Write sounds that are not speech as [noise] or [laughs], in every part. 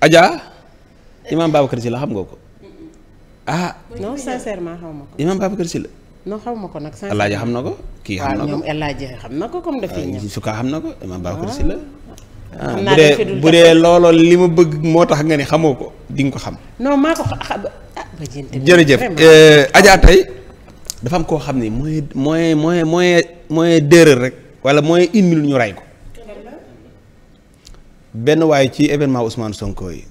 Adja Imam Babacar Sylla xam nga ko ah. non sincèrement xaw ma ko. nag sincèrement xam na ko. kii xam na ko waaw xam na ko comme dafay ah, ñëw. Suka xam na ko Imam Babacar Sylla. Ah. Ah, xam naa bu dee bu dee looloo li ma bëgg moo tax nga ni xamoo ko di ko xam. non maa ko euh, tey dafa am koo xam ni mooy mooy mooy mooy mooy dërër rek wala mooy une minute ñu ray ko. benn waaye ci événement Ousmane Sonko yi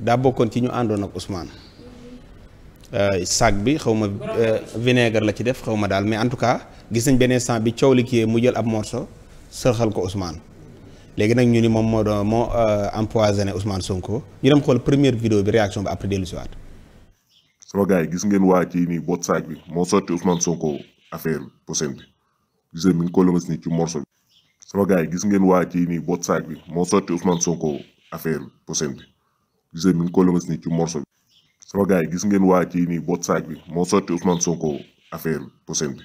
daa bokkoon ci ñu àndoon ak Ousmane euh, sac bi xaw ma euh, vinaigre la ci def xaw ma daal mais en tout cas gis nañ beneen sang bi coow li kii mu jël ab morceau sërxal ko Ousmane léegi nag ñu ni moom moo doon moo euh, empoisonné Ousmane Sonko ñu dem xool première vidéo bi réaction bi après dellu si waat sama gars yi gis ngeen waa ci nii boot sac bi moo sotti Ousmane Sonko affaire posen bi gis ngeen mi ngi ko lëmas ni ci morceau sama gars yi gis ngeen waa ji nii boot saak bi moo sotti Ousmane Sonko affaire posen bi gis ngeen mi ngi gis ngeen waa ji nii boot bi moo sotti Ousmane Sonko affaire posen bi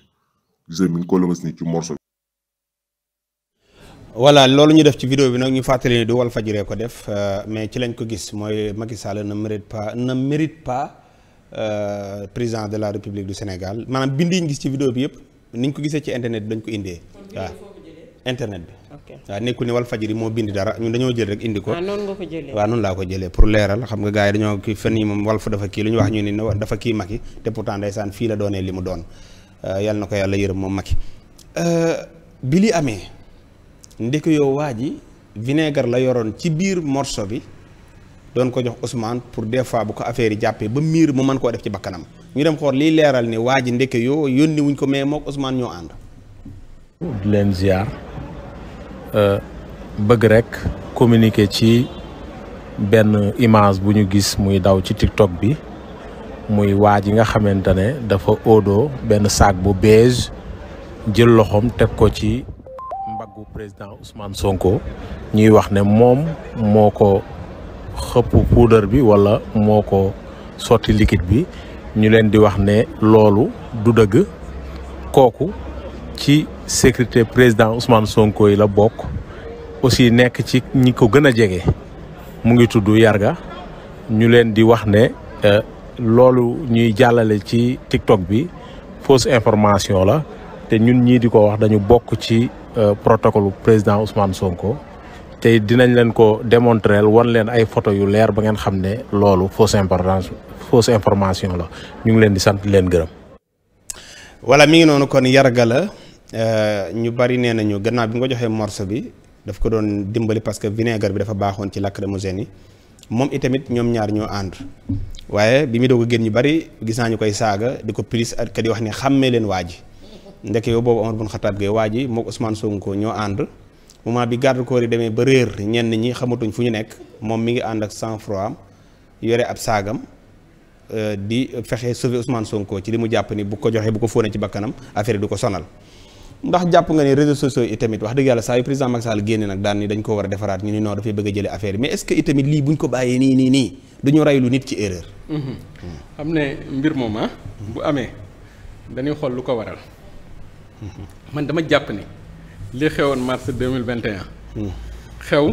gis ngeen mi loolu ñu def ci vidéo bi nag ñu fàttali ni du ko def euh, mais ci lañ ko gis mooy Macky Sall ne mérite pas ne mérite pas euh, président de la République du Sénégal maanaam bind yi ñu gis ci vidéo bi yëpp niñ ko gisee ci internet bi dañ ko indee waaw internet bi. waaw nekku ni Walfadjri moo bind dara ñun dañoo jël rek indi ko. waaw ah, noonu ko jëlee waaw noonu laa ko jëlee pour leeral xam nga gars yi dañoo kii fan yii moom Walf dafa kii lu ñu wax ñu ne la doonee li mu euh, euh, waa ji vinaigre la yoroon ci biir morceau bi doon ko jox Ousmane pour des fois bu ko affaire yi jàppee ba miir mu mën koo def ci bakkanam ñu dem xool ne waa ji ndek yoo yónni wuñ ko mais moog Ousmane ñoo ànd. leen ziar. Euh, bëgg rek communiquer ci benn image bu ñu gis muy daw ci TikTok bi muy waa ji nga xamante ne dafa óodoo benn saak bu beige jël loxoom teg ko ci mbaggu président Ousmane Sonko ñuy wax ne moom moo ko xëpp poudre bi wala moo ko sotti liquide bi ñu leen di wax ne loolu du dëgg kooku ci sécurité président Ousmane Sonko yi la bokk aussi nekk ci ñi ko gën a jege mu ngi tudd Yarga ñu leen di wax ne euh, loolu ñuy jàllale ci TikTok bi fausse information la te ñun ñii di ko wax dañu bokk ci euh, protocole président Ousmane Sonko te dinañ leen ko démontrer wan leen ay photo yu leer ba ngeen xam ne loolu fausse information fausse information la ñu ngi leen di sant leen gërëm. wala mi ngi noonu kon yarga la. Euh, ñu bari nee nañu gannaaw bi nga joxee morceau bi daf ko doon dimbali parce que vinaigre bi dafa baaxoon ci lacrymogène yi moom itamit ñoom ñaar ñoo ànd waaye bi mu doog a génn ñu bari gis naa ñu koy saaga di ko prise ak ka di wax ni xàmmee leen waa ji ndek yow boobu Omar bun Xataab Gueye waa ji moog Ousmane Sonko ñoo ànd moment bi garde corps yi demee ba réer ñenn ñi xamatuñ fu ñu nekk moom mi ngi ànd ak sang-froid am yore ab saagam euh, di fexe sauver Ousmane ci li mu jàpp ni bu ko joxee bu ko fóonee ci bakkanam affaire yi ko sonal ndax jàpp nga ne réseaux sociaux yi tamit wax dëgg yàlla saa yu président Macky Sall génne nag daan ni dañ ko war a defaraat ñu ni non dafay bëgg a jëlee affaire mais est-ce que itamit lii buñ ko bàyyee nii nii nii duñu raylu nit ci erreur. xam mm-hmm. ne mbir moom ah. bu amee dañuy xool lu ko waral. Mm-hmm. man dama jàpp ni li xewoon mars deux mille vingt et un mm-hmm. xew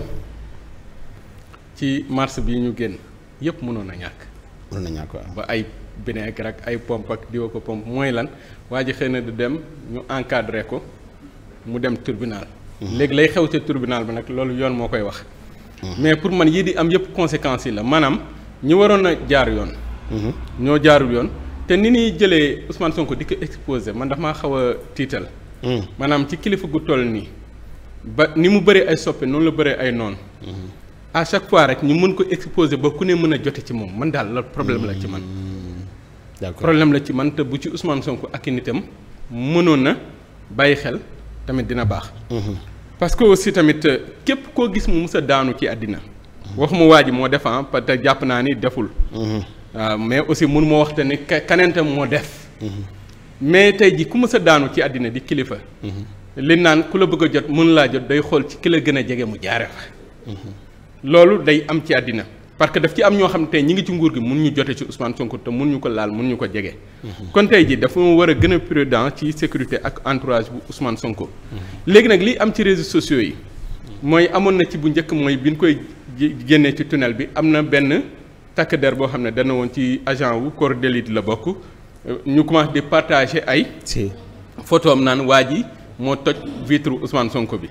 ci mars bii ñu génn yëpp mënoon na ñàkk. mënoon na ñàkk ba ay. vinaigre ak ay pompe ak diwa ko pompe mooy lan waa ji xëy na di dem ñu encadré ko mu dem tribunal. Mhm. léegi lay xew ca tribunal bi nag loolu yoon moo koy wax. Mhm. mais pour man yii di am yëpp conséquences yi la maanaam ñi waroon a jaar yoon. Mhm. ñoo jaarul yoon te ni ñuy jëlee Ousmane Sonko di ko exposé man dafa maa xaw a tiital. maanaam ci kilifa gu toll nii ba ni mu bëree ay soppe noonu la bare ay noonu. à chaque fois rek ñu mën ko exposé ba ku ne mën a jote ci moom man daal la problème la ci man. problème la ci man te bu ci Ousmane Sonko ak i nitam mënoon na bàyyi xel tamit dina baax. Mhm. parce que aussi tamit euh, képp koo gis mu musa daanu ci àddina. waxuma waa ji moo def ah, parce que jàpp naa ni deful. waaw mhm. ah, mais aussi mun moo wax te ne keneen tam moo def. Mhm. mais tey ji ku musa daanu ci àddina di kilifa. li naan ku la bëgg a jot mën laa jot day xool ci ki la gën a jege mu jaare fa. loolu day am ci àddina. parce que daf ci am ñoo xam tey ñi ngi ci nguur gi mun ñu jote ci Ousmane Sonko te mun ñu ko laal mun ñu ko jege. Mhm. kon tey ji dafa war a gën a prudent ci sécurité ak entourage bu Ousmane Sonko. Mhm. léegi nag li am ci réseaux sociaux yi. mooy amoon na ci bu njëkk mooy bi ñu koy génnee ci bi am na benn takk der boo xam ne dana woon ci agent wu corps d'élite la bokk euh, ñu commencé di partager ay. si photo am naan waa ji moo toj vitre Ousmane Sonko bi.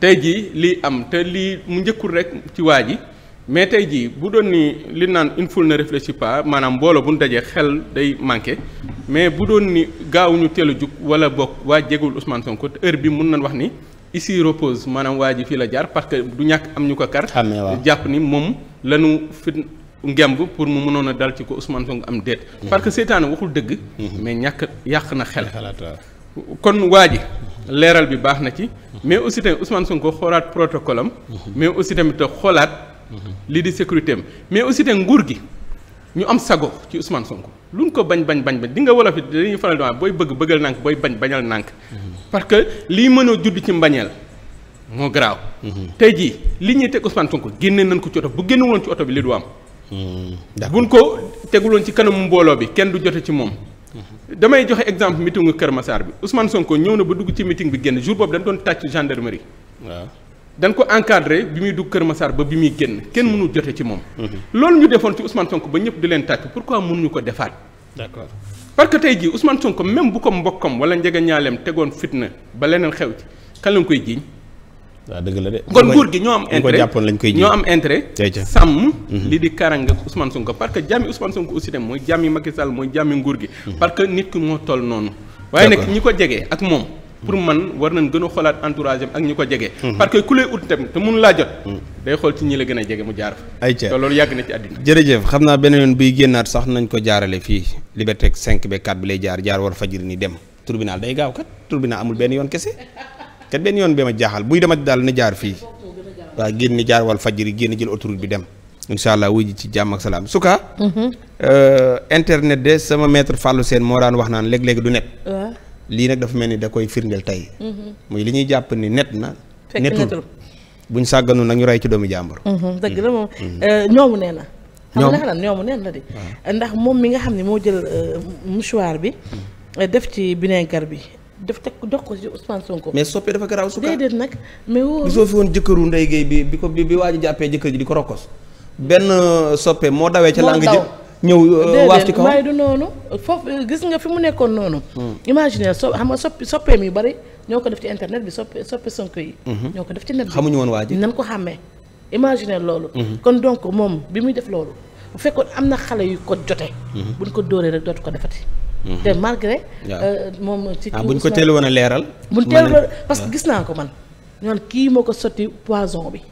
tey jii lii am te lii mu njëkkul rek ci waa ji mais tey jii bu doon ni li naan une foule ne réfléchit maanaam mbooloo bu ñu dajee xel day manqué mais bu doon ni gaawuñu teel a jug wala bokk waa jegul Ousmane Sonko heure bi mun nañ wax ni ici repose maanaam waa ji fii la jaar parce que du ñàkk am ñu ko kar ah, jàpp ni moom lañu fit ngemb pour mu mënoon a dal ci ko Ousmane Sonko am déet mm-hmm. parce que seytaane waxul dëgg mm-hmm. mais ñàkk yàq na xel kon waa ji leeral bi baax na ci mais aussi tamit Ousmane Sonko xoolaat protocole am mm-hmm. mais aussi tamit xoolaat lii di sécurité am mais aussi te nguur gi ñu am sago ci Ousmane Sonko luñ ko bañ bañ bañ bañ di nga wolof it dañuy faral di wax booy bëgg bëggal nànk booy bañ bañal nànk parce que lii mën a judd ci mbañeel moo garaaw. tey jii li ñuy teg Ousmane Sonko génne nañ ko ci oto bu génne woon ci oto bi li du am. buñ ko teguloon ci kanamu mbooloo bi kenn du jote ci moom. damay joxe exemple meeting Kër Massar bi usman Sonko ñëw na ba dugg ci meeting bi génn jour boobu dañ doon tàcc gendarmerie. waaw dañ ko encadré bi muy dugg Kër Massar ba bi muy génn kenn hmm. mënu jote ci moom. Hmm. loolu ñu defoon ci Ousmane Sonko ba ñëpp di leen tàcc pourquoi ñu ko defaat. d'accord parce que tey jii Ousmane Sonko même bu ko mbokkam wala njege ñaaleem tegoon fitna ba leneen xew ci kan lañ koy jiiñ. waaw dëgg la de kon nguur gi ñoo am intérêt ñoo am intérêt sàmm hmm. li di karanga Ousmane Sonko parce que jàmmi Ousmane Sonko aussi dem mooy jàmmi Macky mooy jàmmi nguur gi parce que nit ki moo toll noonu waaye nag ñi ko jege ak moom pour man war nañ gën a xoolaat entourage ak ñu ko jege. Mhm. parce que ku lay ut tam te mënu laa jot. Mhm. day xool ci ñi la gën a jege mu jaar fa. ayca te loolu yàgg na ci àddina. jërëjëf xam naa beneen yoon buy génnaat sax nañ ko jaarale fii Liberté 5 ba 4 bi lay jaar jaar war fajiri ni dem tribunal day gaaw kat tribunal amul benn yoon kese te benn yoon bi ma jaaxal buy demati daal na jaar fii waaw génn jaar wal fajiri génn jël autoroute bi dem. incha allah wuy ji ci jàmm ak salaam su ka. Mhm. Euh, internet de sama maître Fallou Sène moo daan wax naan léeg-léeg du net. Euh, lii nag dafa mel ni da koy firndeel tey. Mhm. muy li ñuy jàpp ni net na. netul buñ sàgganu nag ñu rey ci doomi jàmbur. Mhm, dëgg la moom mhm. euh, ñoomu nee na. ñoom xam nga ñoomu nee na de. ndax moom mi nga xam ne moo jël euh, mouchoir bi. Euh, def ci vinaigre bi. daf teg jox ko ci Ousmane Sonko. mais soppee dafa garaaw su déedéet nag mais woo. fi woon jëkkëru Ndeye Gueye bi bi ko bi waa ji jàppee jëkkër ji di ko rokkos benn soppe moo dawee ca làng ji ñëw euh, waaf ci kaw waaye du noonu foofu gis nga fi mu nekkoon noonu. Hmm. imaginer so xam nga soppi soppeem yu bari ñoo ko def ci internet bi soppi soppi Sonko yi. Hmm. ñoo ko def ci net bi xamuñu woon waa ji nan ko xàmmee. imaginer loolu. Hmm. kon donc moom bi muy def loolu. bu fekkoon am na xale yu ko jotee. buñ ko dóoree rek dootu ko defati. te malgré. Euh, moom ci ah buñ ko teel woon a leeral. buñ teel parce que gis naa ko man. ñoon kii moo ko sotti poison bi.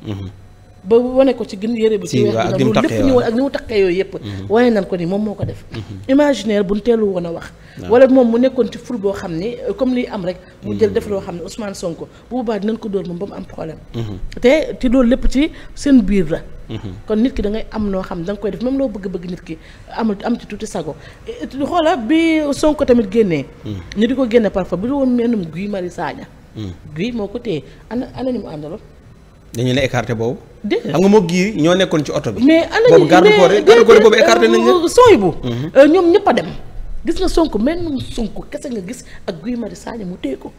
ba wane ko ci gën yëre bi ci weex bi loolu lépp ñu wane ak ni mu taqee yooyu yëpp mhm. waaye nañ ko ni moom moo ko def mhm. imaginaire buñ teelu woon a wax wala moom mu nekkoon ci ful boo xam ni euh, comme li am rek mu jël mhm. def loo xam ne Ousmane Sonko bu boobaa dinañ ko dóor moom ba mu am problème te te loolu lépp ci seen biir la kon nit ki da ngay am noo xam ne danga koy def même loo bëgg-bëgg nit ki amul am ci tuuti sago xoola bi sonk tamit génnee ñu di ko génne parfois bu dul woon mennum Guy Marius Sagna Guy moo ko téye ana ana ni mu àndaloon dañu ne écarté boobu. déedéet xam nga moo gii ñoo nekkoon ci oto bi. mais ana ñu garde corps garde corps boobu écarté nañ euh, mhm. euh, ñoom ñëpp dem. gis nga Sonko mel na Sonko nga gis ak Guy Marius Sagna mu téye ko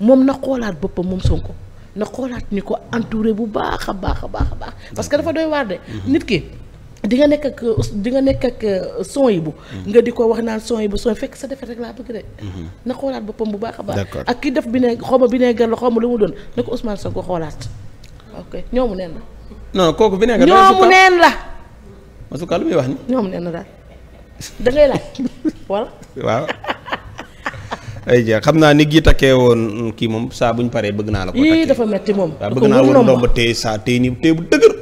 moom na xoolaat boppam moom Sonko na xoolaat ni ko entouré bu baax a baax a baax a baax parce que dafa doy waar de. Mhm. nit ki di nga nekk ak di nga nekk ak euh, son yi bu. Mhm. nga di ko wax naan son yi bu son fekk sa defe rek laa bëgg de. na xoolaat boppam bu baax a baax. ak ki def bi ne xaw ma bi ne gar la xaw ma lu mu doon na ko Ousmane Sonko xoolaat. ok ñoomu neen la. non kooku bi nekk ñoomu neen la. wax ni ñoomu neen la ay ja xam naa ni gii takkee woon kii moom saa ñu paree bëgg naa la ko. takkee dafa metti moom. waaw bëgg naa woon ndomba téye saa téye nii téye bu dëgër.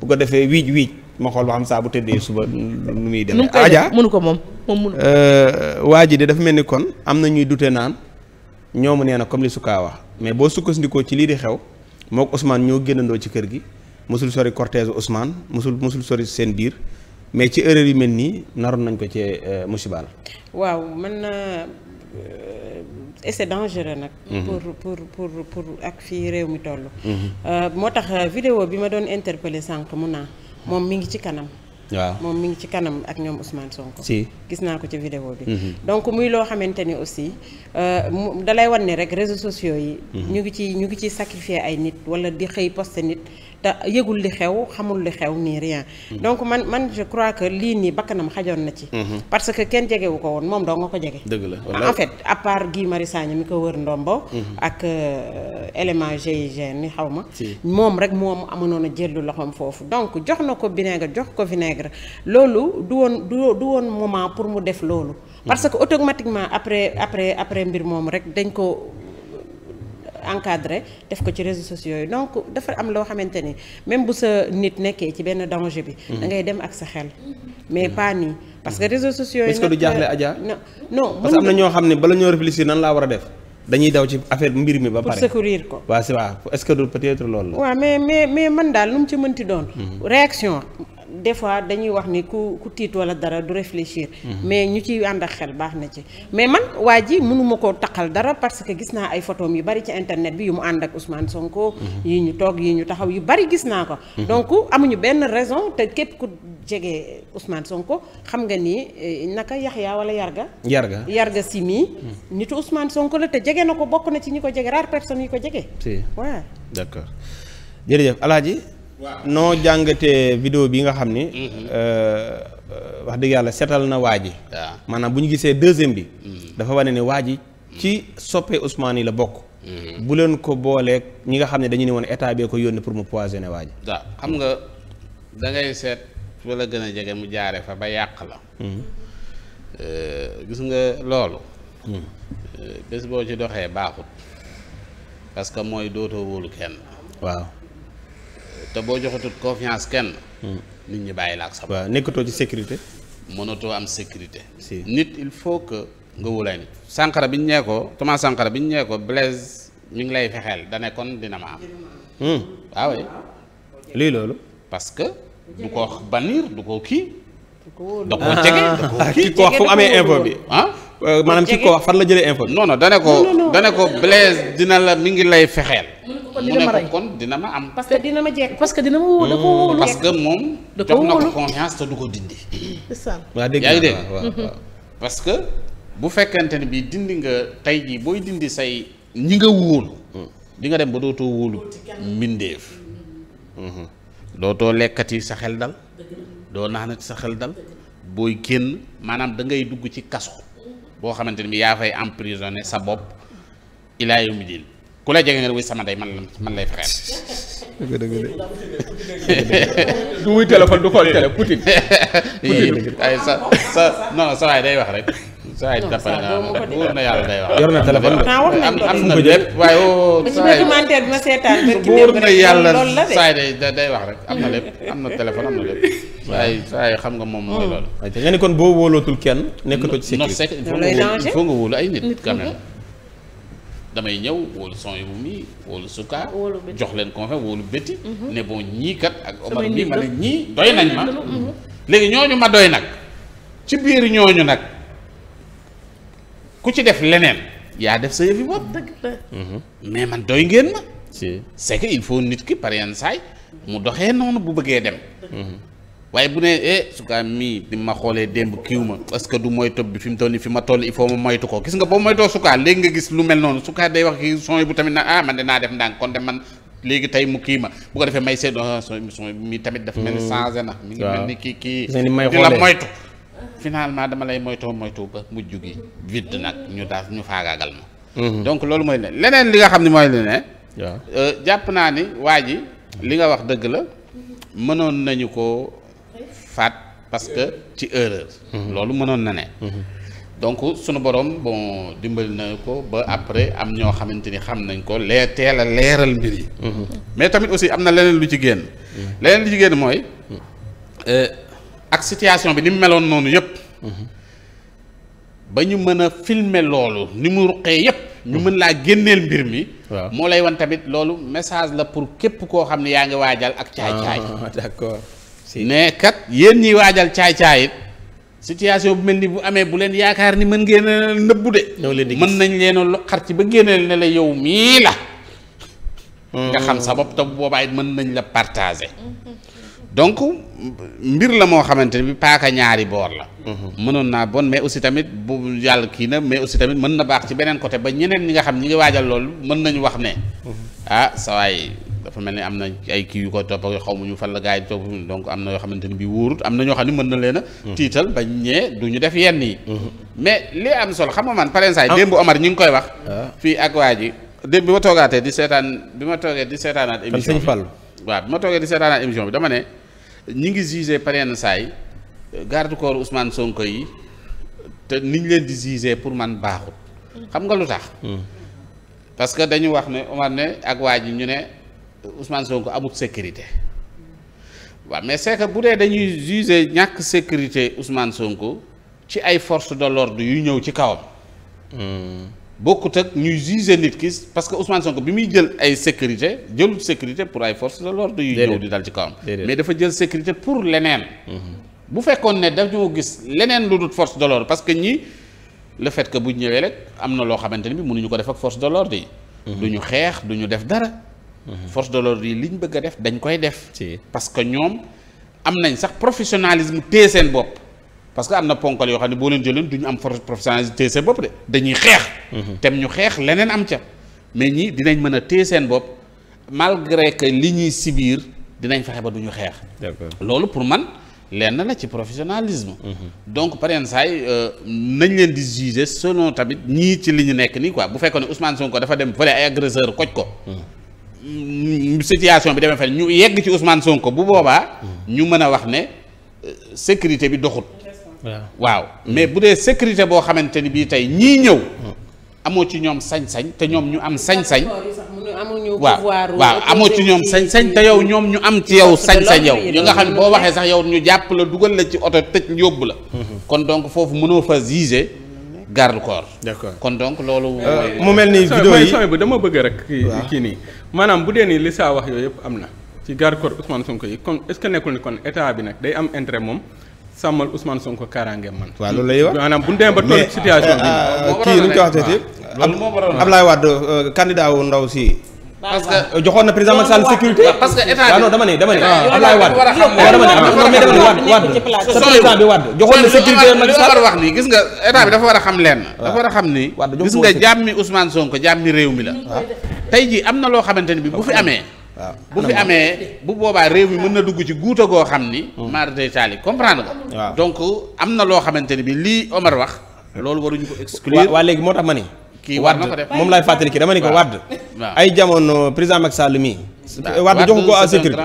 bu ko defee wiic wiic ma xool ba xam saa bu tëddee suba nu muy demee. aja ko moom moom mënu euh, waa ji de dafa mel ni kon am na ñuy dute naan ñoomu nee na comme li sukaa wax mais boo sukkandikoo ci lii di xew. moo ko ñoo génnandoo ci kër gi mosul sori cortège Ousmane mosul mosul sori seen biir mais ci erreur yu mel nii naroon nañ ko ci euh, musibaal waaw man na euh, et dangereux nag. Mhm. pour pour pour ak fii réew mi toll. Mhm. Euh, moo tax vidéo bi ma doon interpellé sànq mu naa moom mi ngi ci kanam. waaw moom mi ngi ci kanam ak ñoom Ousmane Sonko. si gis naa ko ci vidéo bi. Mhm. donc muy loo xamante ni aussi euh, mu dalay wan ne rek réseaux sociaux yi. Mhm. ñu ngi ci ñu ngi ciy sacrifier ay nit wala di xëy poste nit. te yëgul li xew xamul li xew nii rien hmm. donc man man je crois que lii nii bakkanam xajoon na ci hmm. parce que kenn jegewu ko woon moom doo nga ko jege dëgg la en fait à part Guy Marius Sagna mi ko wër ndombo hmm. ak euh, élément GIGN ni xaw ma moom rek moom amunoon a jëllu loxoom foofu donc jox na ko vinaigre jox ko vinaigre loolu du woon du du woon moment pour mu def loolu parce que automatiquement après après après mbir moomu rek dañ ko encadré def ko ci réseaux sociaux yi donc dafa am loo xamante ni même bu sa nit nekkee ci benn danger bi. Mm-hmm. da ngay dem ak sa xel. Mm-hmm. mais pas nii parce que réseaux sociaux yi. est-ce que du jaaxle Adja. non non parce que na ñoo xam ne bala ñoo réfléchir nan laa war a def. dañuy daw ci affaire mbir mi ba pare pour secourir ko. waaw c'est waaw est-ce que du peut-être loolu la. waaw mais mais mais man daal lu mu ci mënti doon. Mm-hmm. réaction des fois dañuy wax ni ku ku tiit wala dara du réfléchir. Mhm. mais ñu ciy ànd ak xel baax na ci. mais man waa ji mënuma koo taqal dara parce que gis naa ay photos yu bari ci internet bi yu mu ànd ak Ousmane Sonko. Mhm. yi ñu toog yi ñu taxaw yu bari gis naa ko. Mhm. donc amuñu benn raison te képp ku jege Ousmane Sonko xam nga nii eh, naka yaa wala Yarga. Yarga Yarga si mii. nitu Ousmane Sonko la te jege na ko bokk na ci ñi ko jege rar personne yi ko jege. si waaw d'accord noo jàngatee vidéo bi nga xam ni mhm. euh, wax dëgg yàlla seetal na waa ji maanaam bu ñu gisee deuxième bi mhm. dafa wane ne waa ji mhm. ci soppee Ousmane yi la bokk bu leen ko booleek ñi nga xam ne dañu ne woon état bee ko yónni pour mu poisonné waa ji waaw xam nga da ngay seet fa la gën a jege mu jaare fa ba yàq la euh, gis nga loolu euh, bés boo ci doxee baaxut parce que mooy dootoo wóolu kenn waaw te boo joxatul confiance kenn. Hmm. nit ñi bàyyi la ak sa waaw nekkatoo ci sécurité. mënatoo am sécurité. si nit il faut que nga wulay nit. Sankara bi ñu ñee ko Thomas Sankara bi ñu ñee ko Blaise mi ngi lay fexeel da ne kon dina ma am. waaw hmm. ah loolu. parce que du ko bannir du ko kii. ko jege da ah, ko kii wax fu amee info bi ah. Euh, maanaam ki ko wax fan la jëlee info bi. non ko dane ko Blaise dina la mi ngi lay fexeel. kon ma rey mu ne ko kon dina ma am. parce que dina ma jekk parce que dina ma wóor hmm, wóolu. parce que moom. da koo wóolu jox na ko confiance te du ko dindi. waaw dégg yaa ngi dégg que bu fekkente ne bii dindi nga tey jii booy dindi say ñi nga wóolu. di nga dem ba dootoo wóolu mbindeef. Mm-hmm. dootoo lekkati sa xel dal. doo naanati sa xel dal. booy génn maanaam da ngay dugg ci kasu boo xamante ne bi yaa fay emprisonné sa bopp ilaa yawmi ku lay jege sama day man man lay [laughs] [laughs] ay sa sa non sa waay wax rek. sa waay jàppale naa wóor na yàlla day wax. rek am na lépp am na téléphone am na lépp. saa saa yi xam nga moom mooy mm. loolu. nga ne kon boo wóolootul kenn nekkatoo ci si non nga wóolu ay nit quand même. damay ñëw wóolu son yu mi wóolu suka jox leen confe wóolu béti mhm. ne bon ñii kat ak Omar bi ma ñii doy nañ ma mhm. Mhm. léegi ñooñu ma doy nag ci biir ñooñu nag ku ci def leneen yaa def sa yëfi bopp mais man doy ngeen ma c'est il faut nit ki par yenn saay mu doxee noonu bu bëggee dem waaye bu ne eh sukaa mii ni ma xoolee démb kiiw ma parce que du mooy topp bi fi mu toll nii fi ma toll il faut ma moytu ko gis nga boo moytoo sukaa léegi nga gis lu mel noonu sukaa day wax ki son bu tamit na ah man de naa def ndànk kon de man léegi tey mu kii ma bu ko defee may seet ah, son son mi tamit dafa mel ni mm. changé na mi ngi mel ni kii kii di la moytu finalement dama lay moytoo moytu ba mujj gi vide nag ñu daal ñu faagaagal ma mm-hmm. donc loolu mooy ne leneen li nga xam ne mooy li ne euh, jàpp naa ni waa ji li nga wax dëgg la mënoon nañu ko faat parce que ci erreur. Mhm. loolu mënoon na ne. Mhm. donc sunu boroom bon dimbali na ko ba après am ñoo xamante ni xam nañ ko leer teela a leeral mbir yi. Mhm. mais tamit aussi am na leneen lu ci génn. leneen lu ci génn mooy. Euh, ak situation bi ni mu meloon noonu yëpp. ba ñu mën a filmer loolu ni mu ruqee yëpp. ñu mën laa génneel mbir mi. moo lay wan tamit loolu message la pour képp koo xam ne yaa ngi waajal ak. caay caay ah, d'accord. ne kat yéen ñiy waajal caay-caay it situation bu mel ni bu amee bu leen yaakaar ni mën ngeen a nëbbu de. mën nañ leen a xar ci ba génneel ne la yow mii la. nga hmm. xam sa bopp te boobaa it mën nañ la partager. donc mbir la moo xamante ne bi paaka ñaari boor la. Hmm. mënoon naa bon mais aussi tamit bu yàlla kii na mais aussi tamit mën na baax ci beneen côté ba ñeneen ñi nga xam ñi ngi waajal loolu mën nañu wax ne. Hmm. ah sa waay dafa mel ni am na ay kii yu ko topp ak xaw ma ñu fan la gaa yi topp donc am na yoo xamante ni bi wóorut am na ñoo xam ne mën na leen a mhm. tiital bañ ñee du ñu def yenn yi mhm. mais li am solo xam nga man parensaay démb Omar ñi ngi koy wax ah. fii ak waa ji démb bi ma toogaatee di seetaan bi ma toogee di seetaanaat émission bi waaw bi ma toogee di seetaanaat émission bi dama ne ñi ngi jugé parensaay garde corps Ousmane Sonko yi te niñ leen di jugé pour man baaxut mm. xam nga lu tax mm. parce que dañu wax ne Omar ne ak waa ji ñu ne Ousmane Sonko amut sécurité waaw mais c'est que bu dee dañuy juger ñàkk sécurité Ousmane Sonko ci ay forces de l'ordre yu ñëw ci kawam. Hmm. bokkut ak ñuy juger nit ki parce que Ousmane Sonko bi muy jël ay sécurité jëlut sécurité pour ay force de l'ordre yu ñëw di dal ci kawam. mais dafa jël sécurité pour leneen. Hmm. bu fekkoon ne dañoo gis leneen lu dul force de l'ordre parce que ñi le fait que bu ñëwee rek am na loo xamante ni bi mënuñu ko def ak force de l'ordre yi. Hmm. duñu xeex duñu def dara. Mhm. force de l'ordre yi li ñu bëgg def dañ koy def. parce que ñoom am nañ sax professionnalisme téye seen bopp. parce que am na ponkal yoo xam ne boo leen jëlee duñu am force professionnalisme téye bopp de dañuy xeex. Mhm. tem ñu xeex leneen am ca. mais ñii dinañ mën a téye seen bopp malgré que li ñuy sibir dinañ fexe ba du ñu xeex. loolu pour man lenn la ci professionnalisme. Mhm. donc pareen saay euh, nañ leen di juger selon tamit ñii ci li ñu nekk nii quoi bu fekkoon ne Ousmane Sonko dafa dem fële ay agresseur koj ko. Mm, situation bi demee fenn ñu yegg ci Ousmane ko bu boobaa. ñu mën a wax ne euh, sécurité bi doxut. waaw mais bu dee sécurité boo xamante ni bii tey ñii ñëw. amoo ci ñoom sañ-sañ te ñoom ñu am sañ-sañ. waaw waaw amoo ci ñoom sañ-sañ te yow ñoom ñu am ci yow sañ-sañ yow ñu nga xam ne boo waxee sax yow ñu jàpp la dugal la ci oto tëj yóbbu la. Mhm. kon donc foofu mënoo fa juger garde corps. d'accord kon donc loolu. Euh, mu mel ni vidéo yi sooy bu dama bëgg rek. waaw kii nii maanaam bu dee nii li saa wax yooyu yëpp am na. ci garde corps Ousmane Sonko yi kon est-ce que nekkul ni kon état bi nag day am intérêt moom sàmmal Ousmane Sonko kaaraangeem man. waaw loolu lay wax maanaam bu ñu demee ba toll situation bi. Euh, kii nu ñu ko waxee tey Abdoulaye Wade euh, candidat wu ndaw si. parce que joxoon na président Macky Sall sécurité. parce que état bi non dama ne dama ne. Abdoulaye Wade dama ne Wade sa président bi Wade joxoon na sécurité Macky Sall war wax nii gis nga état bi dafa war a xam lenn. dafa war a xam ni. gis nga jàmmi Ousmane Sonko jàmmi réew mi la. tey jii am na loo xamante ni bi bu fi amee. bu fi amee bu boobaa réew mi mën na dugg ci guuta goo xam ni. maar day taali comprendre nga. donc am na loo xamante ni bi lii Omar wax. loolu waruñu ko exclure. waa léegi moo tax ma ni kii war na ko def moom laay fàttali kii dama ni ko Wade. ay jamono président Macky Sall mii. waaw Wade joxu ko à sécurité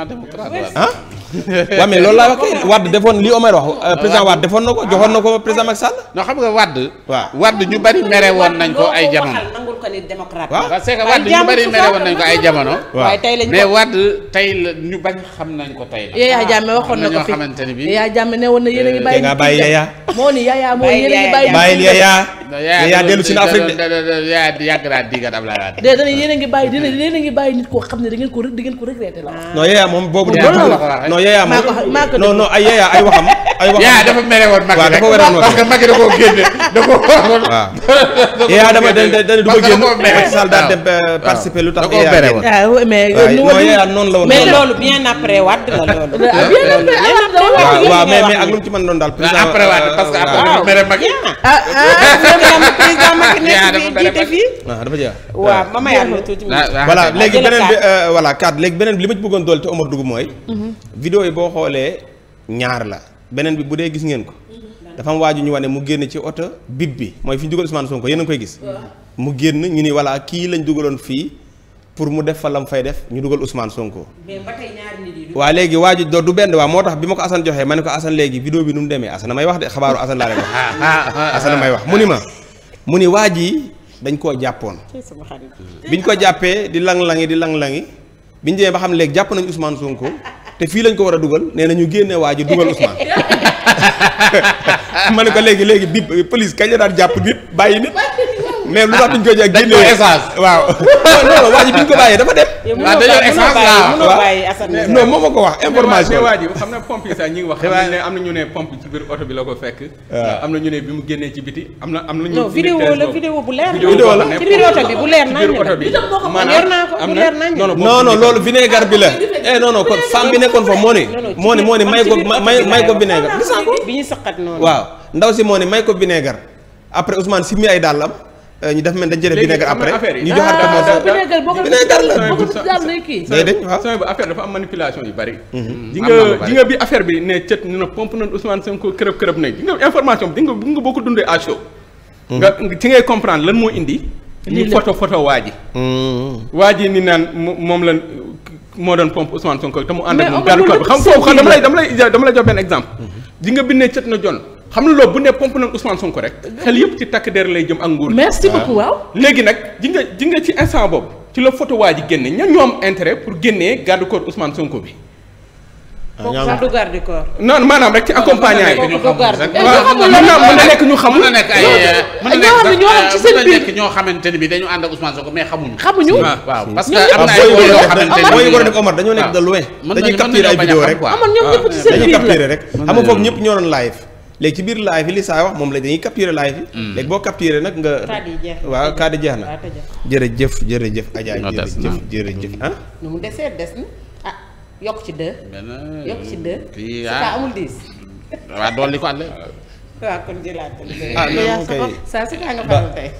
ah. [laughs] waaw mais loolu laa wax kay Wade defoon li Omar wax président Wade defoon na ko joxoon na ko président Macky Sall. xam nga Wade. waaw Wade ñu bari mere woon nañ ko ay jamono. ko ni démocrate. waaw parce que Wade ñu bari mere woon nañ ko ay jamono. waaye tey lañ ko mais Wade tey la ñu bañ xam nañ a eh, a de. dana yéen a ngi bàyyi a nit koo xam ne da ko da ngeen ko regretté la. non moom boobu. non Yaya moom non non ay Yaya ay waxam ay wax yaa dafa mere woon Macky rek parce que Macky da koo génne da koo. [laughs] waaw yaa dama da Sall daal dem euh, participer lu tax. waaw ah, mais noonu la woon. mais loolu bien après [laughs] waaw mais mais ak lu mu ci man doon daal. président après Wade euh, parce que après mere Macky. ah ah, ah président Macky ah, waaw waaw ma mayaat la tuuti. voilà euh, léegi beneen bi voilà cadre léegi beneen bi ma bëggoon dool te Omar dugg mooy. Mhm. vidéo yi boo xoolee ñaar la beneen bi bu dee gis ngeen ko. Mhm. dafa am waaju ñu wane mu génn ci oto bib bi mooy fi ñu dugal Ousmane Sonko yéen a ngi koy gis. mu génn ñu ni voilà kii lañ dugaloon fii pour mu def fa la lam fay def ñu dugal Ousmane Sonko. waa léegi waa ji du benn waa moo tax bi ma ko Assane joxee ma ne ko Assane léegi vidéo bi nu mu demee Assane may wax de xabaaru Assane laa leen wax. [laughs] Ah, ah, ah, Assane may wax mu ni ma mu ni waa ji dañ koo jàppoon. biñ ko jàppee di lang-langi di lang-langi biñ demee ba xam léegi jàpp nañu Ousmane Sonko te fii lañ ko war a dugal nee na ñu génne waa ji dugal Ousmane. [laughs] [laughs] ma ne ko léegi léegi bi police kañ la daan jàpp nit bàyyi mais lu tax duñ koy jaay génne dañ ko essence [laughs] waaw non non waa ji bi ñu ko bàyyee dafa dem. Ah, waaw dañoo essence waaw moom moo ko wax information. waa ji xam na pompe yi wax. xam am na ne pompe ci biir oto bi la ko fekk. Ah. am na ñu mu génnee ci biti am na am na ñu. non vidéo bu leer la ci biir oto bi bu bi leer naa ko bu leer nañ la bi la. eh non non bi nekkoon fa moo ne. moo moo ne may ko may may ko vinaigre. gis naa ko bi ñu saqat noonu. waaw ndaw si moo ne may ko vinaigre après Ousmane si mi ay dàllam Euh, ñu def dañ jëlee vinaigre après ñu joxaat ko ah, moom vinaigre boo ko vinaigre la boo ko daal dafa am manipulation yu bari ji mhm. nga bi affaire bi ne cët ne na pompe nañ Ousmane Sonko kërëb kërëb nañ ji nga information bi nga boo ko dundee à mhm. ci ngay comprendre lan moo indi ñu photo photo waa ji mhm. waa ji ni naan moom lan moo doon pompe Ousmane Sonko te mu ànd ak moom gàllu ko xam foofu xam dama lay dama lay dama lay jox benn exemple ji nga bindee cët na jon xam nga lool bu ne pompe nañ Ousmane Sonko rek xel yëpp ci takk der lay jëm ak nguur merci beaucoup léegi nag ji nga ji nga ci instant boobu ci la photo waa ji génne ña ñoo am intérêt pour génnee garde corps Ousmane Sonko bi ah du garde corps. non maanaam rek ci accompagnant yi. ñu xamul rek mën na nekk ñu xamul. mën na nekk ay euh, mën na nekk ci seen euh, biir ñoo xamante ne bi dañu ànd ak Ousmane Sonko mais xamuñu. xamuñu ah, waaw parce que am na ay yoo xamante ne mooy waroon Omar dañoo nekk de loin. dañuy capturer rek. Omar ñoom ñëpp ci seen biir la dañuy capturer rek. xam nga ñëpp ñoo doon live léegi ci biir live yi li saa wax moom la dañuy capturer live yi. Mm. léegi boo capturer nag nga. kaddu jeex na waaw kaddu jeex na. jërëjëf jërëjëf. Adja jërëjëf jërëjëf mm. ah. nu desee des na ah yokk ci deux. Eh, yokk ci deux. kii ah. amul dix. waaw dool ko ànd. Ah, saa si kaa nga faral tey.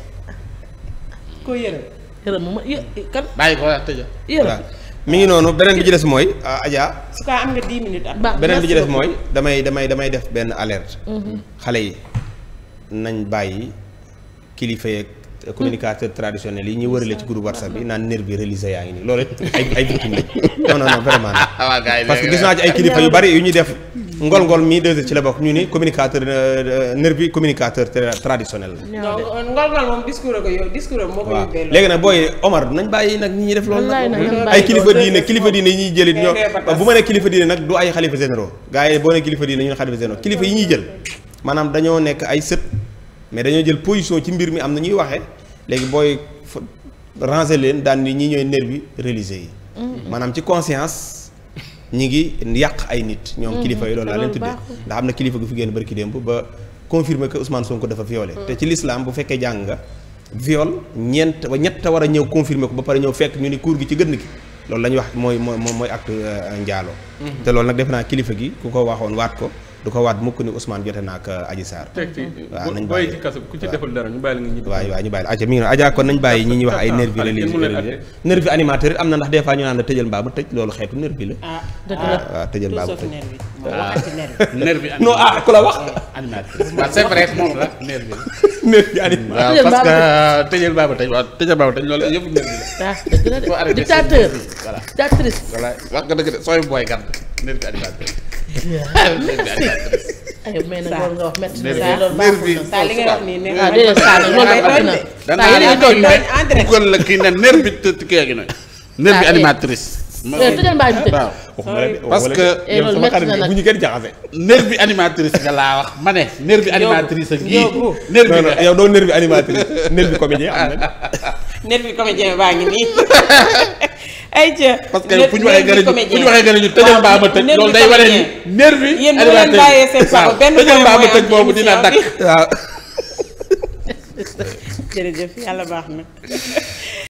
koo yërëm. yërëm mu ma yë kan. bàyyi ko wax tëjee. yërëm. mi ngi noonu beneen bi ci des mooy ah, Adja. su am beneen bi ci des mooy damay damay damay def benn alerte. Mhm. xale yi nañ bàyyi kilifa yeeg communicateur mhm. traditionnel yi ñuy wërale ci groupe WhatsApp bi mhm. naan nervi religieux yaa ngi nii loolu ay ay victime lañ non non non vraiment. [laughs] parce que gis naa ci ay kilifa yu bari yu ñuy def. ngol ngol mii deux ci la bokk ñu ni communicateur euh, euh, nervi communicateur traditionnel la. ngol ngol moom discours ko léegi nag booy Omar nañ bàyyi nag ñi ñuy def loolu nag ay kilifa diine kilifa diine yi ñuy jëlit ñoo bu ma ne kilifa diine nag du ay xalifa généraux gars yi boo ne kilifa diine ñu ne xalifa généraux kilifa yi ñuy jël maanaam dañoo nekk ay sët mais dañoo jël position ci mbir mi am na ñuy waxee léegi booy ranger leen daan ni ñi ñooy nervi religieux yi mm. maanaam ci conscience ñi ngi yàq ay nit ñoom mm-hmm. kilifa yi loolu laa leen tuddee ndax am na kilifa gu fi génn barki démb ba confirmer que Ousmane Sonko dafa violé mm-hmm. te ci l'islam bu fekkee jàng nga viol ñeent ba ñett war a ñëw confirmer ko ba pare ñëw fekk ñu ni kuur gi ci gën gi loolu la ñuy wax mooy mooy mooy acte euh, njaaloo mm-hmm. te loolu nag defe naa kilifa gi ku ko waxoon waat ko du ko waat mukk ni Ousmane jote na ak uh, Adji Sarr. waaw nañ bàyyi ci kaso ku ci deful dara ñu bàyyi la nga ñibbi. waaw waaw ñu bàyyi la aja mi ngi aja kon nañ bàyyi ñi ñuy wax ay nervi religieux am na ndax des fois ñu naan la tëjal mbaa ma tëj loolu xeetu nervi la. ah dëgg ah, la waaw tëjal mbaa ma tëj. nervi ah. [laughs] non ah ku la wax. Eh, animateur waaw c'est vrai moom la nervi [laughs] nervi animateur waaw parce que euh, tëjal mbaa ah, ma ay a ngi na nerf bi animatrice parce que yow sama xarit bi bu ñu gën jaxase nerf animatrice nga laa wax ma ne animatrice ak kii nerf bi baa ngi nii ayca parce que bu ñu waxee nga ne bu ñu waxee nga ne ñu tëjal mbaa ma tëj loolu day wane ni nervi yi yéen bu [laughs] tëjal mbaa ma tëj boobu dina dakk waaw [laughs] jërëjëf na